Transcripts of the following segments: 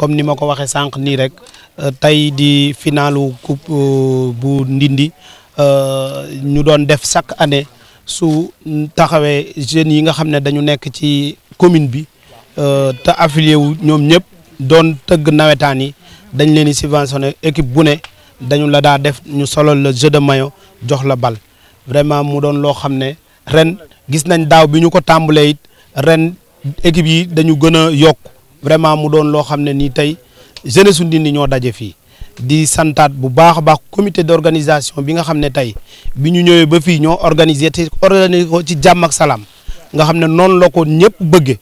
comme ni ma ko waxee sànq nii rek euh, tey di finalu coupe euh, bu Ndindi euh, ñu doon def chaque année su taxawee jeunes yi nga xam ne dañu nekk ci commune bi te affilié wu ñoom ñëpp doon tëgg nawetaan yi dañ leen di subventionné équipe bu ne dañu la daa def ñu solol la jeu de mayo jox la bal vraiment mu doon loo xam ne ren gis nañ daaw bi ñu ko tàmbalee it ren équipe yi dañu gën a yokk vraiment mu doon loo xam ne nii tey jeunesse su Ndindi ñoo daje fii di santaat bu baax a baax commité d' organisation bi nga xam ne tey bi ñu ñëwee ba fii ñoo organiser te organiser ko ci jàmm ak salaam nga xam ne noonu la ko ñëpp bëgge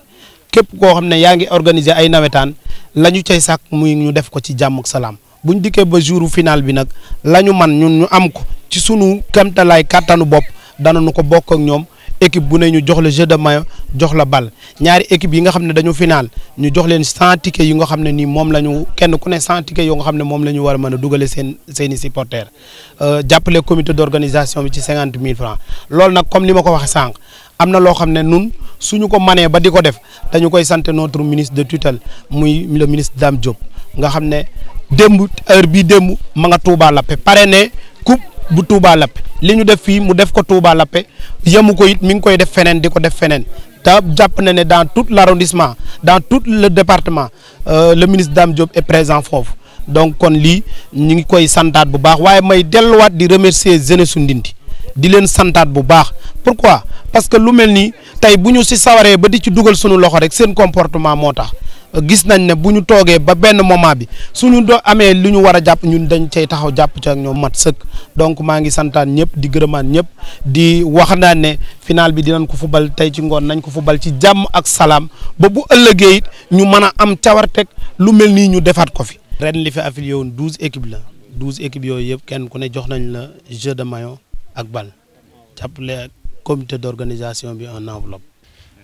képp koo xam ne yaa ngi organiser ay nawetaan la ñu cay sàkk muy ñu def ko ci jàmm ak salaam bu ñu dikkee ba jour final bi nag lañu man ñun ñu am ko ci sunu kamtalaay kàttanu bopp dana nu ko bokk ak ñoom équipe bu ne ñu jox la jeu de maillot jox la bal ñaari équipe yi nga xam ne dañu final ñu jox leen cent tickets yi nga xam ne nii moom la ñu kenn ku ne cent tickets yoo nga xam ne moom lañu war a mën a dugale seeni seen euh, i jàppale comité d'organisation bi ci cinquante mille francs loolu nag comme li ma ko wax sànq am na loo xam ne nun ñu ko manee ba di ko def dañu koy sant notre ministre de tutelle muy le ministre Dame Diop nga xam ne démb heure bii démb ma nga Touba Lappé parrainé coupe bu Touba Lappé li ñu def fi mu def ko Touba Lappé yemu ko it mi ngi koy def fenen diko def fenen ta japp na né dans tout l'arrondissement, dans tout le département euh, le ministre Dame Diop est présent foofu donc kon li ñi ngi koy santat bu baax waye may delluwaat di remercier jeunesse su Ndindi di len santat bu baax pourquoi parce que lu melni tay buñu ci ñu ba di ci dugal suñu loxo rek sen comportement moo gis nañ ne bu ñu toogee ba benn moment bi suñu doo amee lu ñu war a jàpp ñun dañ cay taxaw jàpp ci ak ñoom mat sëkk donc maa ngi santaan ñëpp di gërëmaan ñëpp di wax naa ne final bi dinañ ko fubal tey ci ngoon nañ ko fubal ci jàmm ak salaam ba bu ëllëgee it ñu mën a am cawarteg lu mel nii ñu defaat ko fi. ren li fi affilié woon douze équipes la douze équipes yooyu yëpp kenn ku ne jox nañ la jeu de maillot ak bal jàppale comité d'organisation bi en enveloppe.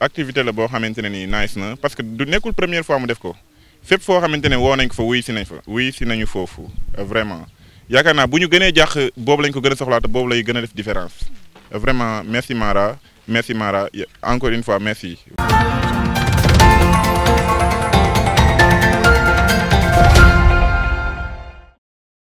activité la boo xamante ne nii nice na parce que du nekkul première fois mu def ko fépp foo xamante ne woo nañ ko fa wuy si nañ fa wuy si nañu foofu vraiment yaakaar naa bu ñu gënee jàq boobu lañ ko gën a soxlaata boobu lay gën def différence vraiment merci Mara merci Mara encore une fois merci.